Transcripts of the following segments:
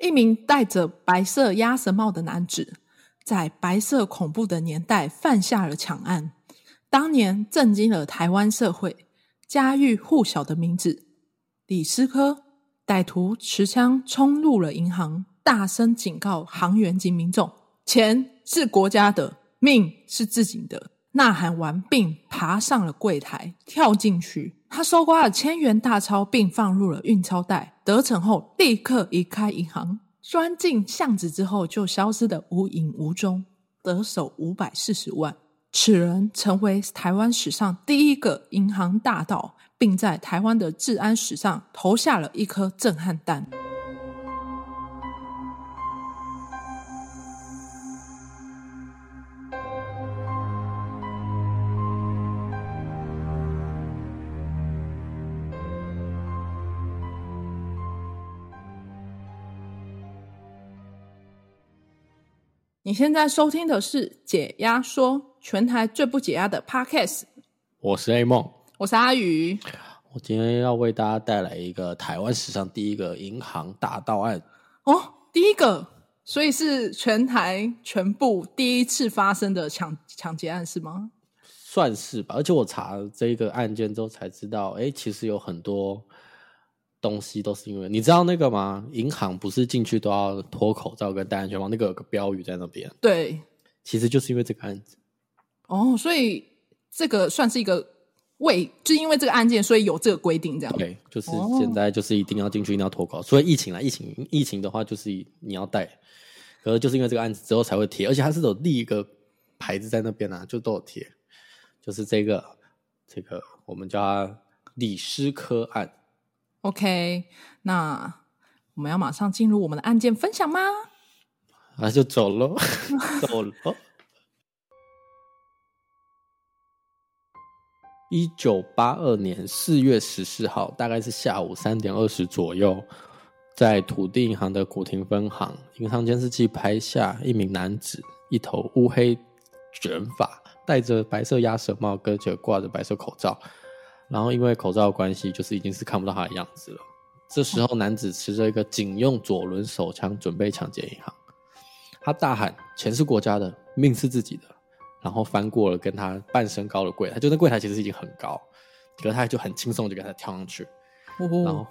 一名戴着白色鴨舌帽的男子，在白色恐怖的年代犯下了搶案，當年震驚了台灣社會，家喻戶曉的名字——李師科。歹徒持槍衝入了銀行，大聲警告行員及民眾：“錢是國家的，命是自己的。”吶喊完，並爬上了櫃檯，跳進去。他搜刮了千元大鈔，並放入了運鈔袋。得逞後，立刻離開銀行，鑽進巷子之後就消失得無影無蹤。得手五百四十萬，此人成為台灣史上第一個銀行大盜，並在台灣的治安史上投下了一顆震撼彈。你現在收聽的是《解壓說》，全台最不解壓的 podcast。我是 A 夢，我是阿宇。我今天要為大家帶來一個台灣史上第一個銀行大盜案哦，第一個，所以是全台全部第一次發生的搶搶劫案是嗎？算是吧。而且我查了這個案件之後才知道，哎，其實有很多。東西都是因為你知道那個嗎？銀行不是進去都要脫口罩跟戴安全帽，那個有個標語在那邊。對，其實就是因為這個案子。哦、oh，所以這個算是一個為，就因為這個案件，所以有這個規定這樣。對、okay，就是現在就是一定要進去一定要脫口、oh. 所以疫情啊，疫情疫情的話就是你要戴。可是就是因為這個案子之後才會貼，而且它是有立一個牌子在那邊啊，就都有貼。就是這個這個我們叫它李師科案。OK，那我們要馬上進入我們的案件分享嗎？那就走嘍，走嘍！一九八二年四月十四號，大概是下午三點二十左右，在土地銀行的古亭分行，銀行監視器拍下一名男子，一頭烏黑捲髮，戴着白色鴨舌帽，跟著掛着白色口罩。然後因為口罩的關係，就是已經是看不到他的樣子了。這時候，男子持着一個警用左輪手槍，準備搶劫銀行。他大喊：“錢是國家的，命是自己的。”然後翻過了跟他半身高的櫃檯，就那櫃檯其實已經很高，可他就很輕鬆就給他跳上去哦哦。然後，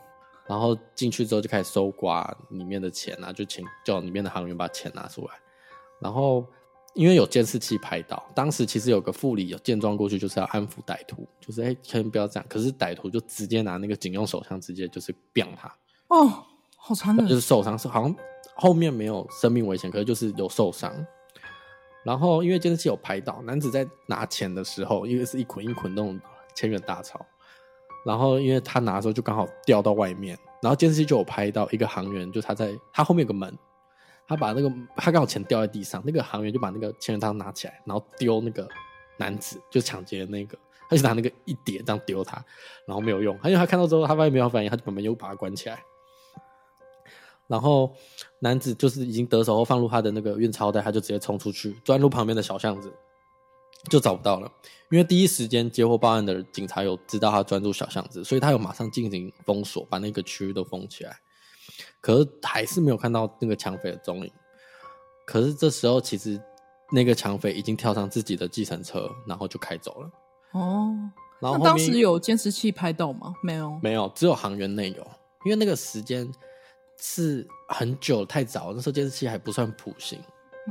然後進去之後就開始搜刮裡面的錢啊，就請叫裡面的行員把錢拿出來。然後。因為有監視器拍到，當時其實有個副理有見狀過去，就是要安撫歹徒，就是哎，先、欸、不要這樣。可是歹徒就直接拿那個警用手槍，直接就是砰他。哦，好殘忍！就是受傷，是好像後面沒有生命危險，可是就是有受傷。然後因為監視器有拍到，男子在拿錢的時候，因為是一捆一捆那種千元大鈔，然後因為他拿的時候就剛好掉到外面，然後監視器就有拍到一個行員，就他在他後面有個門。他把那個，他剛好錢掉在地上，那個行員就把那個錢袋拿起來，然後丟那個男子，就是搶劫的那個，他就拿那個一疊這樣丟他，然後沒有用，因為他看到之後，他發現沒有反應，他就把門又把他關起來。然後男子就是已經得手後放入他的那個運鈔袋，他就直接衝出去，鑽入旁邊的小巷子，就找不到了。因為第一時間接獲報案的警察有知道他鑽入小巷子，所以他有馬上進行封鎖，把那個區域都封起來。可是還是沒有看到那個搶匪的蹤影。可是這時候，其實那個搶匪已經跳上自己的計程車，然後就開走了。哦，然後後面，那當時有監視器拍到嗎？沒有，沒有，只有行員內有。因為那個時間是很久太早，那時候監視器還不算普行，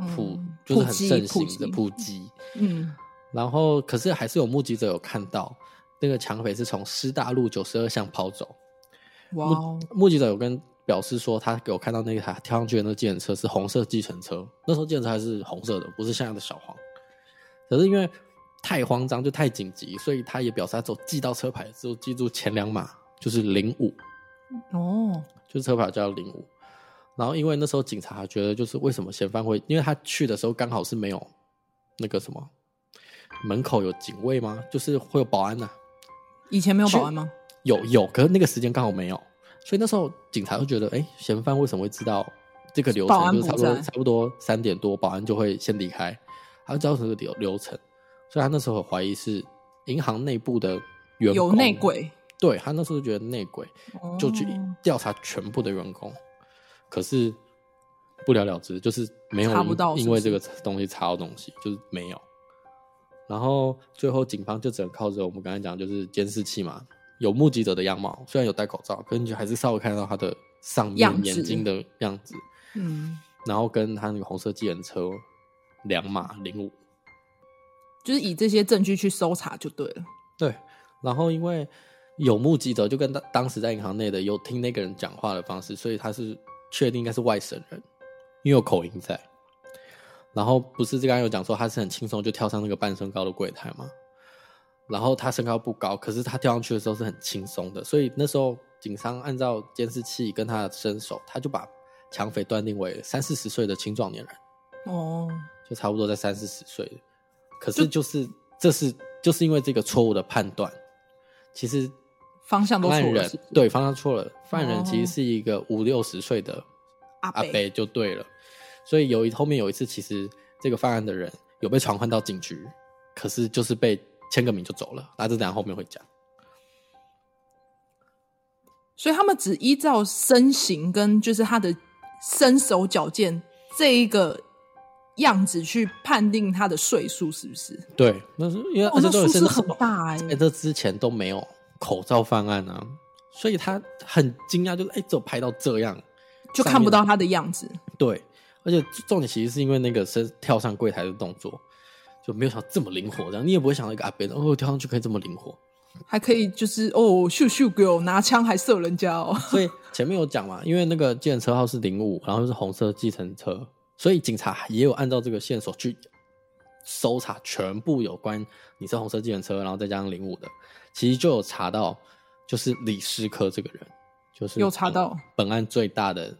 嗯、普就是很盛行的、普及。嗯。然後，可是還是有目擊者有看到那個搶匪是從師大路九十二巷跑走。哇、哦！目擊者有跟。表示說他給我看到那個他跳上去的那計程車是紅色計程車，那時候計程車還是紅色的，不是現在的小黃。可是因為太慌張就太緊急，所以他也表示他走記到車牌，就記住前兩碼就是零五。哦，就是車牌叫零五。然後因為那時候警察覺得就是為什麼嫌犯會，因為他去的時候剛好是沒有那個什麼門口有警衛嗎？就是會有保安的啊。以前沒有保安嗎？有有，可是那個時間剛好沒有。所以那時候警察會覺得，哎、欸，嫌犯為什麼會知道這個流程？就是不、就是、差不多差不多三點多，保安就會先離開，他就知道這個流流程，所以他那時候懷疑是銀行內部的員工有內鬼。對，他那時候覺得內鬼，就去調查全部的員工、哦，可是不了了之，就是沒有因為這個東西查到東西就是沒有。然後最後警方就只能靠着我們剛才講，就是監視器嘛。有目擊者的樣貌，雖然有戴口罩，可是你還是稍微看到他的上面眼睛的樣子。嗯，然後跟他那個紅色機人車，兩碼零五，就是以這些證據去搜查就對了。對，然後因為有目擊者，就跟當當時在銀行內的有聽那個人講話的方式，所以他是確定應該是外省人，因為有口音在。然後不是剛剛有講說他是很輕鬆就跳上那個半身高的櫃檯嗎？然後他身高不高，可是他跳上去的時候是很輕鬆的，所以那時候警方按照監視器跟他的身手，他就把搶匪斷定為三四十歲的青壯年人，哦，就差不多在三四十歲。可是就是就這是就是因為這個錯誤的判斷，其實方向都錯了。犯人，方，對，方向錯了，犯、哦、人其實是一個五六十歲的、啊伯、阿伯就對了。所以有一，後面有一次，其實這個犯案的人有被傳喚到警局，可是就是被。簽個名就走了，那、啊、這等下後面會講。所以他們只依照身形跟就是他的身手矯健這一個樣子去判定他的歲數，是不是？對，那是因為歲數、哦、很大哎，在這之前都沒有口罩方案啊，所以他很驚訝，就是哎，只有拍到這樣，就看不到他的樣子。對，而且重點其實是因為那個是跳上櫃台的動作。就沒有想到這麼靈活，這樣你也不會想到一個阿伯哦，跳上去可以這麼靈活，還可以就是哦，秀秀給我拿槍還射人家哦。所以前面有講嘛，因為那個計程車號是零五，然後是紅色計程車，所以警察也有按照這個線索去搜查全部有關你是紅色計程車，然後再加上零五的，其實就有查到就是李師科這個人，就是有查到本案最大的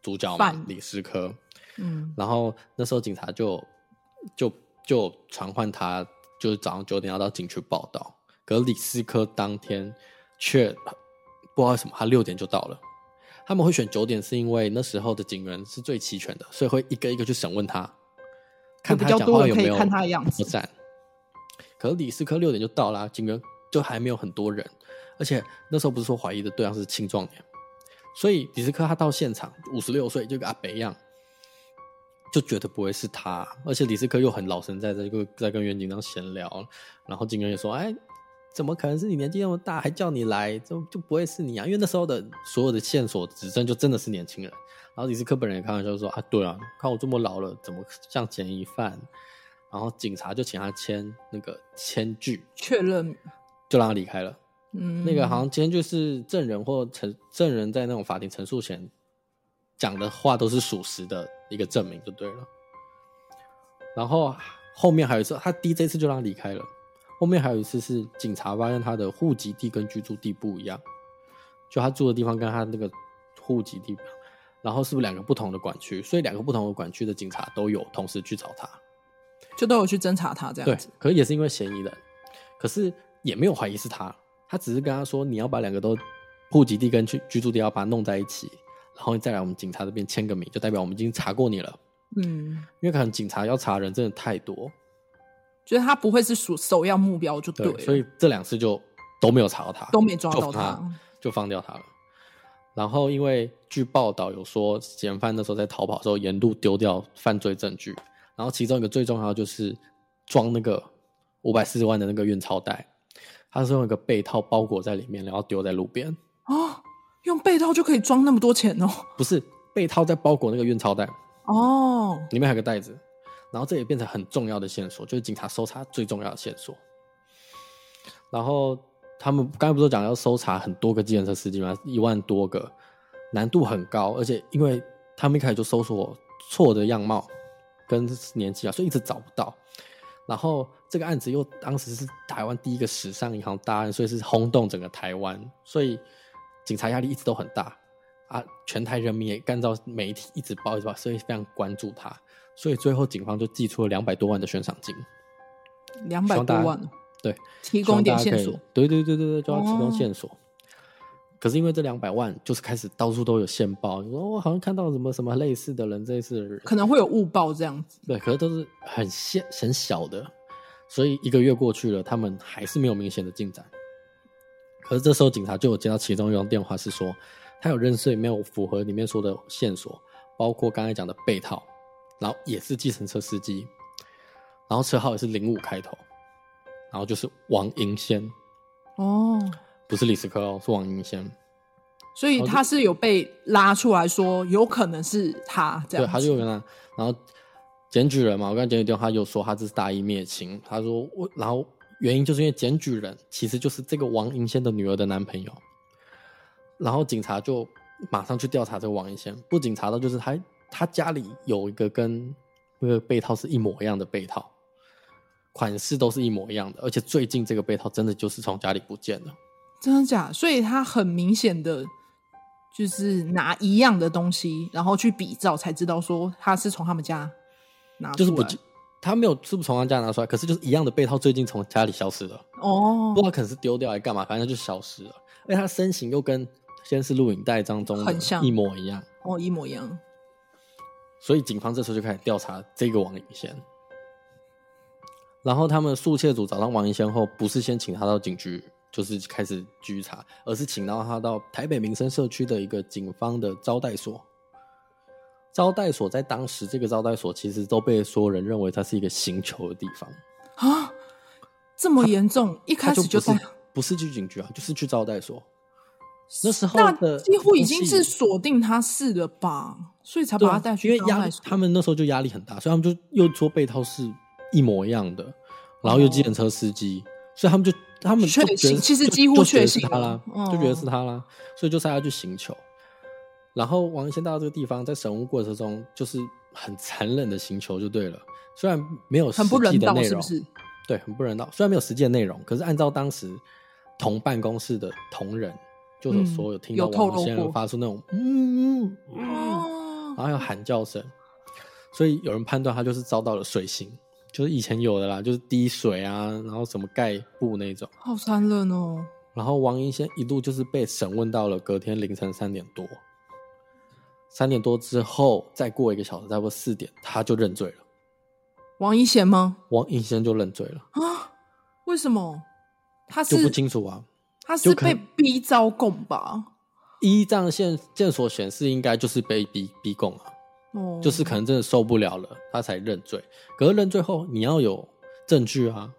主角嘛，李師科。嗯，然後那時候警察就就。就傳喚他，就是早上九點要到警局報到。可是李師科當天卻不知道為什麼，他六點就到了。他們會選九點，是因為那時候的警員是最齊全的，所以會一個一個去審問他，看他講話有沒有破綻，也可以看他的樣子。可是李師科六點就到了，警員就還沒有很多人，而且那時候不是說懷疑的對象是青壯年，所以李師科他到現場五十六歲就跟阿北一樣。就覺得不會是他，而且李師科又很老神在在，跟在，在跟員警這樣閒聊，然後警員也說：“哎、欸，怎麼可能是你？年紀那麼大，還叫你來，就就不會是你啊？因為那時候的所有的線索指證就真的是年輕人。”然後李師科本人也開玩笑說：“啊，對啊，看我這麼老了，怎麼像嫌疑犯？”然後警察就請他簽那個簽具確認，就讓他離開了。嗯，那個好像今天就是證人或證證人在那種法庭陳述前。講的話都是屬實的一個證明就對了，然後後面還有一次，他第一次就讓他離開了。後面還有一次是警察發現他的戶籍地跟居住地不一樣，就他住的地方跟他那個戶籍地，然後是不是兩個不同的管區？所以兩個不同的管區的警察都有同時去找他，就都有去偵查他這樣子。可也是因為嫌疑人，可是也沒有懷疑是他，他只是跟他說你要把兩個都戶籍地跟居居住地要把它弄在一起。然後你再來我們警察這邊簽個名，就代表我們已經查過你了。嗯，因為可能警察要查的人真的太多，覺得他不會是首首要目標就對,對。所以這兩次就都沒有查到他，都沒抓到他，就放他,就放掉他了。嗯。然後因為據報道有說嫌犯那時候在逃跑的時候沿路丟掉犯罪證據，然後其中一個最重要就是裝那個五百四十萬的那個運鈔袋，他是用一個被套包裹在裡面，然後丟在路邊哦。用被套，就可以裝那麼多錢哦？不是，被套在包裹那個運鈔袋哦，oh. 裡面還有個袋子，然後這也變成很重要的線索，就是警察搜查最重要的線索。然後他們剛才不是講要搜查很多個計程車司機嗎？一萬多個，難度很高，而且因為他們一開始就搜索錯的樣貌跟年紀啊，所以一直找不到。然後這個案子又當時是台灣第一個史上銀行大案，所以是轟動整個台灣，所以。警察壓力一直都很大啊！全台人民也跟著媒體一直報一直報，所以非常關注他。所以最後警方就寄出了兩百多萬的懸賞金，兩百多萬，對，提供,提供點線索。對對對對對，就要提供線索。哦、可是因為這兩百萬，就是開始到處都有線報，你說我好像看到什麼什麼類似的人，這次可能會有誤報這樣子。對，可是都是很細很小的，所以一個月過去了，他們還是沒有明顯的進展。可是這時候，警察就有接到其中一通電話，是說他有認識，沒有符合裡面說的線索，包括剛才講的被套，然後也是計程車司機，然後車號也是零五開頭，然後就是王迎先哦，不是李師科哦，是王迎先，所以他是有被拉出來說有可能是他這樣子，對，他就跟他然後檢舉人嘛，我剛檢舉電話又說他這是大義滅親，他說我然後。原因就是因為檢舉人其實就是這個王銀仙的女兒的男朋友，然後警察就馬上去調查這個王銀仙。不僅查到就是他他家裡有一個跟那個被套是一模一樣的被套，款式都是一模一樣的，而且最近這個被套真的就是從家裡不見了，真的假的？所以他很明顯的就是拿一樣的東西，然後去比照才知道說他是從他們家拿出來的。就是不他沒有是不是從他家拿出來，可是就是一樣的被套，最近從家裡消失了哦，oh. 不知道可能是丟掉還幹嘛，反正就消失了。而他身形又跟監視錄影帶當中很像，一模一樣哦，oh, 一模一樣。所以警方這時候就開始調查這個王迎先，然後他們肅竊組找到王迎先後，不是先請他到警局，就是開始拘查，而是請到他到台北民生社區的一個警方的招待所。招待所在當時，這個招待所其實都被所有人認為它是一個刑求的地方啊！這麼嚴重，一開始就在不，不是去警局啊，就是去招待所。那時候的，那幾乎已經是鎖定他是了吧，所以才把他帶去。因為壓他們那時候就壓力很大，所以他們就又說被套是一模一樣的，然後又計程車司機，哦，所以他們就他們確信，其實幾乎確信是他啦，哦，就覺得是他啦，所以就帶他去刑求。然後王迎先到這個地方，在審問過程中就是很殘忍的刑求就對了，雖然沒有實際的內容不是不是，對，很不人道。雖然沒有實際的內容，可是按照當時同辦公室的同仁，就是所、嗯、有聽到王迎先發出那種嗯嗯，嗯，然後還有喊叫聲，所以有人判斷他就是遭到了水刑，就是以前有的啦，就是滴水啊，然後什麼蓋布那種，好殘忍哦。然後王迎先一度就是被審問到了隔天凌晨三點多。三點多之後，再過一個小時，再過四點，他就認罪了。王一賢嗎？王一賢就認罪了啊？為什麼？他是就不清楚啊。他是被逼招供吧？依仗線線索顯示，應該就是被逼逼供啊。哦，就是可能真的受不了了，他才認罪。可是認罪後，你要有證據啊。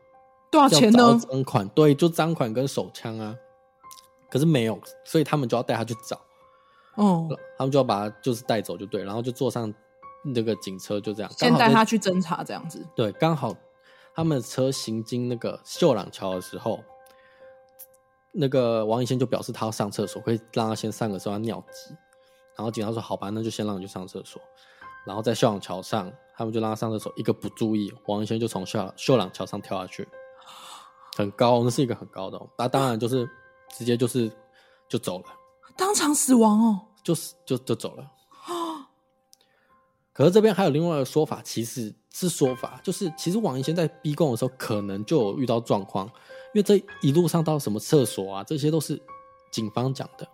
多少錢呢？贓款，對，就贓款跟手槍啊。可是沒有，所以他們就要帶他去找。哦，他們就要把他就是帶走就對，然後就坐上那個警車就這樣。先帶他去偵查這樣子。對，剛好他們車行經那個秀朗橋的時候，那個王迎先就表示他要上廁所，可以讓他先上個廁所尿急。然後警察說：“好吧，那就先讓你去上廁所。”然後在秀朗橋上，他們就讓他上廁所。一個不注意，王迎先就從秀秀朗橋上跳下去，很高，那是一個很高的。那、啊、當然就是直接就是就走了，當場死亡哦。就是就就走了，哦、可是這邊還有另外一個說法，其實是說法，就是其實王迎先在逼供的時候，可能就有遇到狀況，因為這一路上到什麼廁所啊，這些都是警方講的。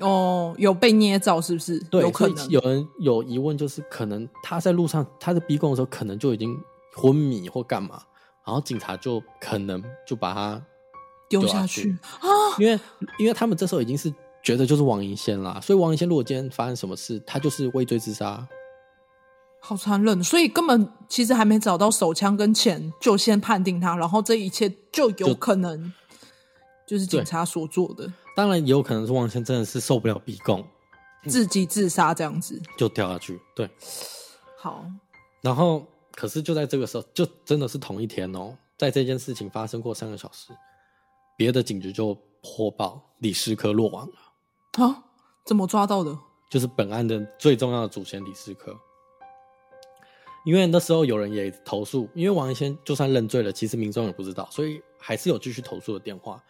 哦，有被捏造是不是？對，有可能有人有疑問，就是可能他在路上，他在逼供的時候，可能就已經昏迷或幹嘛，然後警察就可能就把他丟下去，丟下去啊，因為因為他們這時候已經是。覺得就是王迎先啦，所以王迎先，如果今天發生什麼事，他就是畏罪自殺，好殘忍！所以根本其實還沒找到手槍跟錢，就先判定他，然後這一切就有可能就，就是警察所做的。當然也有可能是王迎先真的是受不了逼供，自己自殺這樣子，就掉下去。對，好。然後可是就在這個時候，就真的是同一天哦、喔，在這件事情發生過三個小時，別的警局就破爆，李師科落網。了。啊，怎麼抓到的？就是本案的最重要的主嫌李師科，因為那時候有人也投訴，因為王迎先就算認罪了，其實民眾也不知道，所以還是有繼續投訴的電話。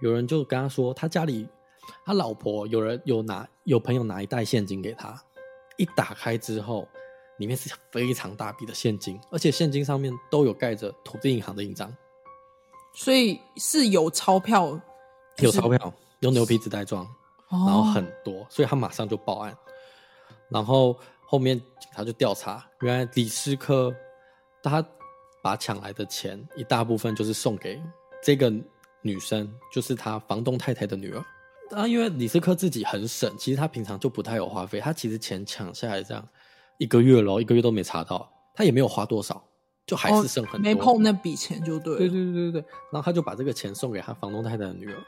有人就跟他說，他家裡他老婆有人有拿有朋友拿一袋現金給他，一打開之後，裡面是非常大筆的現金，而且現金上面都有蓋着土地銀行的印章，所以是有鈔票，就是、票，有鈔票用牛皮紙袋裝。然後很多，哦，所以他馬上就報案。然後後面警察就調查，原來李師科他把搶來的錢一大部分就是送給這個女生，就是他房東太太的女兒。啊，因為李師科自己很省，其實他平常就不太有花費。他其實錢搶下來這樣一個月咯，哦，一個月都沒查到，他也沒有花多少，就還是剩很多。哦、沒碰那筆錢就對。對對對對對。然後他就把這個錢送給他房東太太的女兒。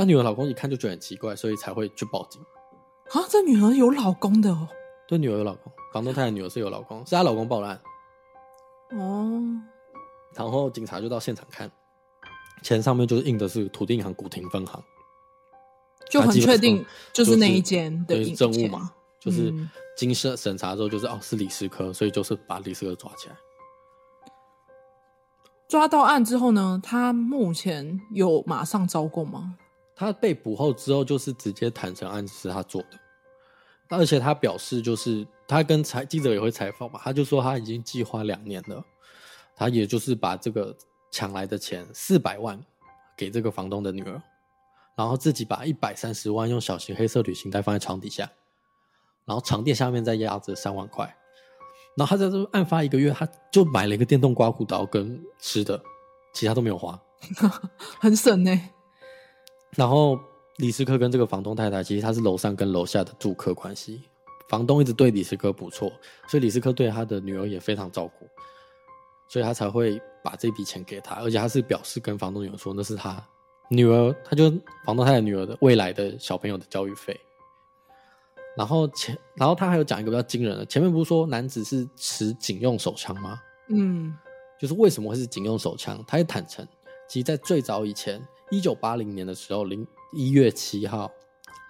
她女兒老公一看就覺得很奇怪，所以才會去報警。啊，這女兒有老公的哦。對，女兒有老公，房東太太女兒是有老公，是她老公報的案。哦，然後警察就到現場看，錢上面就是印的是土地銀行古亭分行，就很確定、就是就是、就是那一間的對證物嘛。就是經審審查之後，就是、嗯、哦是李師科，所以就是把李師科抓起來。抓到案之後呢，他目前有馬上招供嗎？他被捕後之後就是直接坦承案子是他做的，而且他表示就是他跟採記者也會採訪嘛，他就說他已經計劃兩年了，他也就是把這個搶來的錢四百萬給這個房東的女兒，然後自己把一百三十萬用小型黑色旅行袋放在床底下，然後床墊下面再壓着三萬塊，然後他在這案發一個月，他就買了一個電動刮鬍刀跟吃的，其他都沒有花， 很省呢、欸。然後李師科跟這個房東太太，其實他是樓上跟樓下的住客關係。房東一直對李師科不錯，所以李師科對他的女兒也非常照顧，所以他才會把這筆錢給他，而且他是表示跟房東女兒說，那是他女兒，他就是房東太太女兒的未來的小朋友的教育費。然後前，然後他還有講一個比較驚人的，前面不是說男子是持警用手槍嗎？嗯，就是為什麼會是警用手槍？他也坦誠，其實在最早以前。一九八零年的時候，零一月七號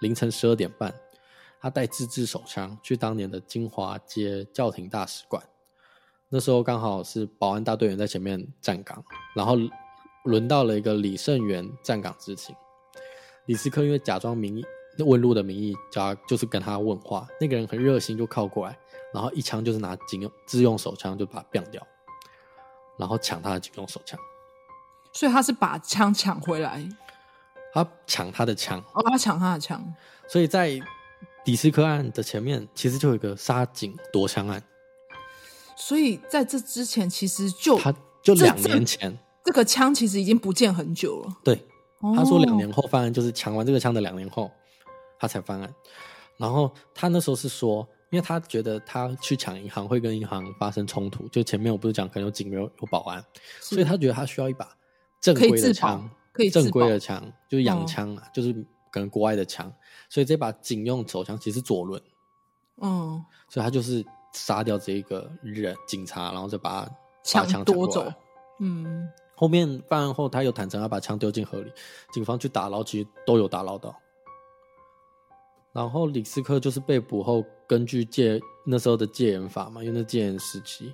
凌晨十二點半，他帶自制手槍去當年的金華街教廷大使館。那時候剛好是保安大隊員在前面站崗，然後輪到了一個李勝源站崗執勤。李師科因為假裝名義問路的名義，叫他就是跟他問話，那個人很熱心就靠過來，然後一槍就是拿警用自用手槍就把他斃掉，然後搶他的警用手槍。所以他是把槍搶回來，他搶他的槍，哦，他搶他的槍。所以在李師科案的前面，其實就有一個殺警奪槍案。所以在這之前，其實就他就兩年前這這，這個槍其實已經不見很久了。對，他說兩年後犯案，就是搶完這個槍的兩年後，他才犯案。然後他那時候是說，因為他覺得他去搶銀行會跟銀行發生衝突，就前面我不是講可能有警員，有保安，所以他覺得他需要一把，正規的槍，可以，可以正規的槍、嗯、就是洋槍啊，就是可能國外的槍、嗯，所以這把警用手槍其實是左輪。哦、嗯，所以他就是殺掉這個人警察，然後再把他槍奪走。嗯，後面犯案後他又坦承要把槍丟進河裡，警方去打撈其實都有打撈到。然後李師科就是被捕後根據戒那時候的戒嚴法嘛，因為那戒嚴時期。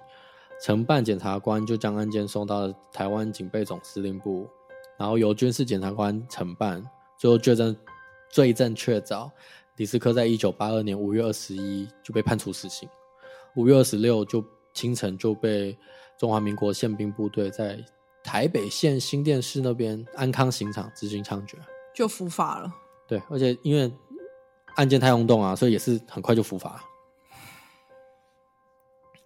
承辦檢察官就將案件送到了台灣警備總司令部，然後由軍事檢察官承辦，最後罪證罪證確鑿，李師科在一九八二年五月二十一就被判處死刑，五月二十六就清晨就被中華民國憲兵部隊在台北縣新店市那邊安康刑場執行槍決，就伏法了。對，而且因為案件太轟動啊，所以也是很快就伏法。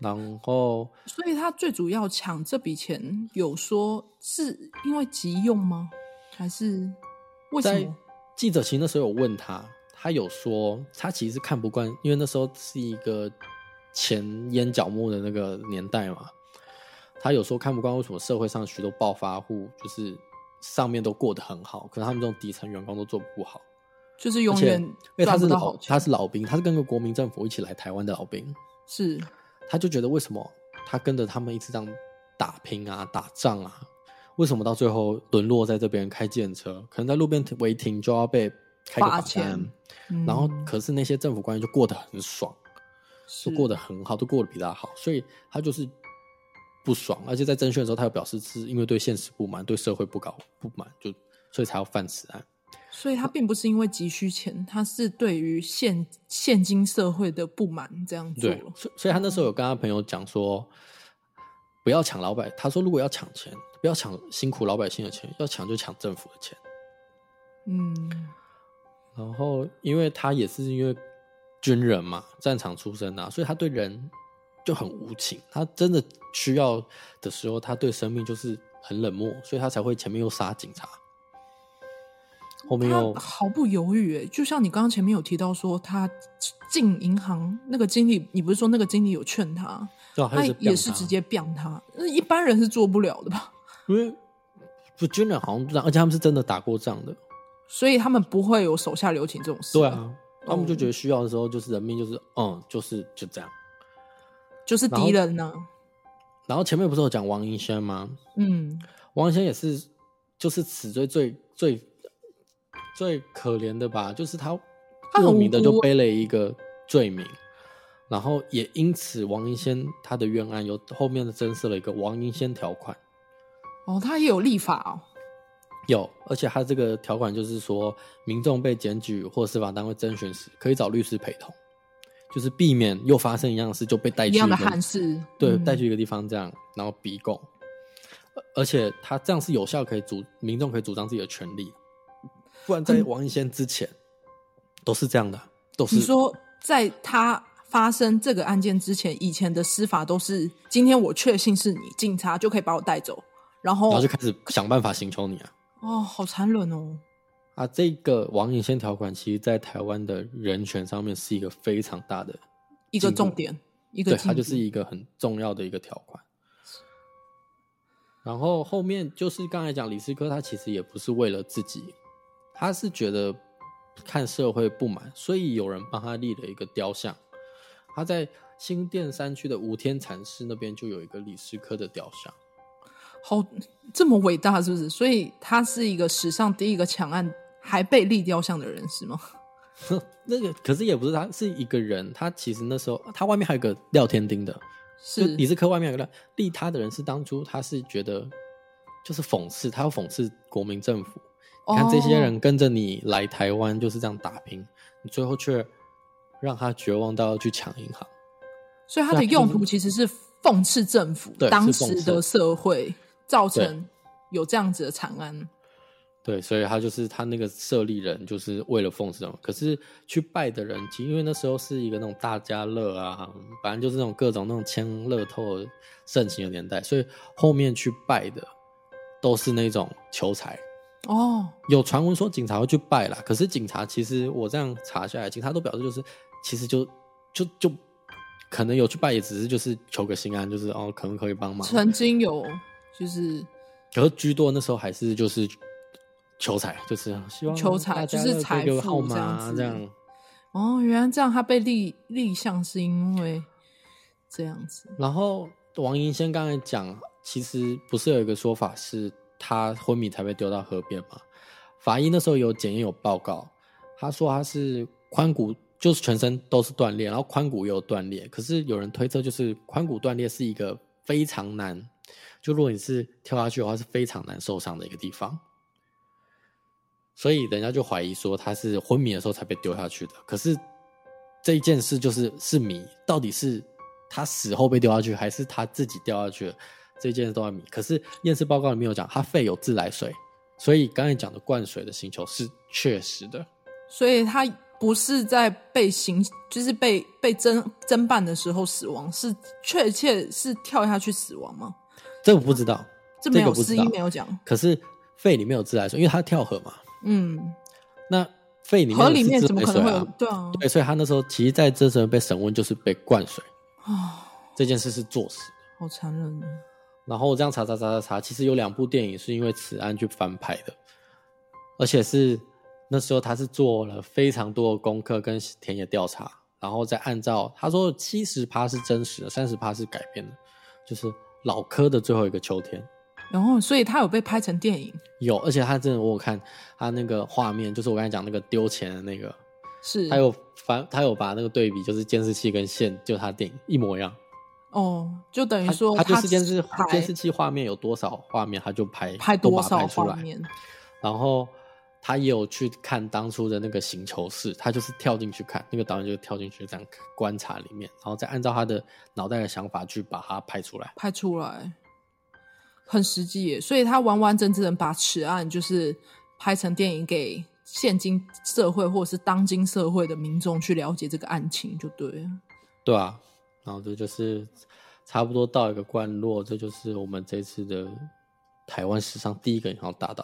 然後，所以他最主要搶這筆錢，有說是因為急用嗎？還是為什麼？在記者其實那時候有問他，他有說他其實看不慣，因為那時候是一個錢淹腳目的那個年代嘛。他有說看不慣為什麼社會上許多暴發戶就是上面都過得很好，可能他們這種底層員工都做不好，就是永遠。他是他是老兵，他是跟個國民政府一起來台灣的老兵，是。他就覺得為什麼他跟着他們一直這樣打拼啊、打仗啊，為什麼到最後淪落在這邊開電車，可能在路邊違停就要被開罰錢、嗯，然後可是那些政府官員就過得很爽，就過得很好，都過得比他好，所以他就是不爽。而且在偵訊的時候，他又表示是因為對現實不滿，對社會不搞不滿，就所以才要犯此案。所以他並不是因為急需錢，他，他是對於現現今社會的不滿這樣做了。對，所，所以他那時候有跟他朋友講說、嗯，不要搶老百姓。他說，如果要搶錢，不要搶辛苦老百姓的錢，要搶就搶政府的錢。嗯，然後因為他也是因為軍人嘛，戰場出身的、啊，所以他對人就很無情、嗯。他真的需要的時候，他對生命就是很冷漠，所以他才會前面又殺警察。有他毫不猶豫、欸，哎,就像你剛剛前面有提到說，他進銀行那個經理，你不是說那個經理有勸他,他、他、也、是他也是直接扁他。那一般人是做不了的吧？因為不軍人好像不這樣，而且他們是真的打過仗的，所以他們不會有手下留情這種事、啊。對啊，他們就覺得需要的時候就是人命，就是嗯，就是就這樣，就是敵人呢、啊。然後前面不是有講王迎先嗎？嗯，王迎先也是，就是死罪最最。最最可憐的吧，就是他莫名的就背了一個罪名，然後也因此王迎先他的冤案又後面的增設了一個王迎先條款。哦，他也有立法哦。有，而且他這個條款就是說，民眾被檢舉或司法單位偵訊時，可以找律師陪同，就是避免又發生一樣事就被帶去一,一樣的憾事，對、嗯，帶去一個地方這樣，然後逼供。而且他這樣是有效，可以主民眾可以主張自己的權利。不然，在王迎先之前、嗯，都是這樣的。都是你說，在他發生這個案件之前，以前的司法都是：今天我確信是你，警察就可以把我帶走。然後，然後就開始想辦法刑求你啊！哦，好殘忍哦！啊，這個王迎先條款，其實，在台灣的人權上面是一個非常大的一個重點，一個對，它就是一個很重要的一個條款。然後後面就是剛才講李師科，他其實也不是為了自己。他是覺得看社會不滿，所以有人幫他立了一個雕像。他在新店山區的五天禪寺那邊就有一個李師科的雕像。好，這麼偉大是不是？所以他是一個史上第一個搶案還被立雕像的人是嗎？呵，那個可是也不是，他是一個人，他其實那時候他外面還有個廖添丁的，是李師科外面還有個立他的人，是當初他是覺得就是諷刺，他要諷刺國民政府。你看這些人跟着你來台灣就是這樣打拼，你最後卻讓他絕望到要去搶銀行，所以他的用途其實是諷刺政府，當時的社會造成有這樣子的慘案。對，所以他就是他那個設立人就是為了諷刺這種，可是去拜的人，其實因為那時候是一個那種大家樂啊，反正就是那種各種那種簽樂透盛行的年代，所以後面去拜的都是那種求財。哦、oh.，有傳聞說警察會去拜啦，可是警察其實我這樣查下來，警察都表示就是，其實就就就可能有去拜，也只是就是求個心安，就是哦可能可以幫忙。曾經有，就是可是居多那時候還是就是求財，就是希望求財就是財富這樣這樣。哦、oh,，原來這樣，他被立立像是因為這樣子。然後王迎先剛才講，其實不是有一個說法是。他昏迷才被丟到河邊嘛？法醫那時候有檢驗有報告，他說他是髖骨就是全身都是斷裂，然後髖骨也有斷裂。可是有人推測就是髖骨斷裂是一個非常難，就如果你是跳下去的話是非常難受傷的一個地方。所以人家就懷疑說他是昏迷的時候才被丟下去的。可是這一件事就是是謎，到底是他死後被丟下去，還是他自己掉下去了？這件事都是謎，可是驗屍報告裡面有講，他肺有自來水，所以剛才講的灌水的刑求是確實的。所以他不是在被刑，就是被被偵偵辦的時候死亡，是確切是跳下去死亡嗎？這我、個、不知道，啊、這有死因沒有講、這個。可是肺裡面有自來水，因為他跳河嘛。嗯。那肺裡面河、啊、裡面怎麼可能會有？對啊，對，所以他那時候其實在這時候被審問，就是被灌水啊。這件事是作死，好殘忍的。然後我這樣查查查查查，其實有兩部電影是因為此案去翻拍的，而且是那時候他是做了非常多的功課跟田野調查，然後再按照他說，七十趴是真實的，三十趴是改編的，就是老科的最後一個秋天。然後，哦，所以他有被拍成電影，有，而且他真的我有看他那個畫面，就是我剛才講那個丟錢的那個，是他有反，他有把那個對比，就是監視器跟線，就他電影一模一樣。哦，就等於說他他，他就是電視，拍電視機畫面有多少畫面，他就拍，拍多少畫面。然後他也有去看當初的那個刑求室，他就是跳進去看，那個導演就跳進去這樣觀察裡面，然後再按照他的腦袋的想法去把它拍出來，拍出來，很實際耶。所以他完完整整把此案就是拍成電影，給現今社會或者是當今社會的民眾去了解這個案情，就對對啊。然後這就是差不多到一個冠落，這就是我們這次的台灣史上第一個銀行大盜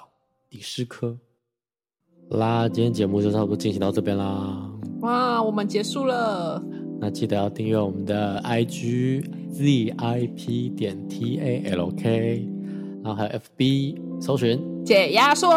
李師科啦。今天節目就差不多進行到這邊啦。哇，我們結束了。那記得要訂閱我們的 IG ZIP 點 TALK，然後還有 FB 搜尋解壓說。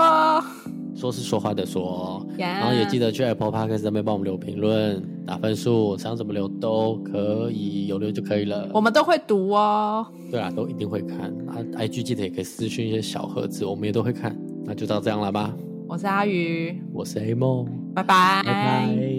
說是說話的說、哦，yeah. 然後也記得去 Apple Podcast 上面幫我們留評論、打分數，想怎麼留都可以，有留就可以了。我們都會讀哦。對啊，都一定會看、啊。IG 記得也可以私訊一些小盒子，我們也都會看。那就到這樣了吧。我是阿魚，我是 A 夢，拜拜，拜拜。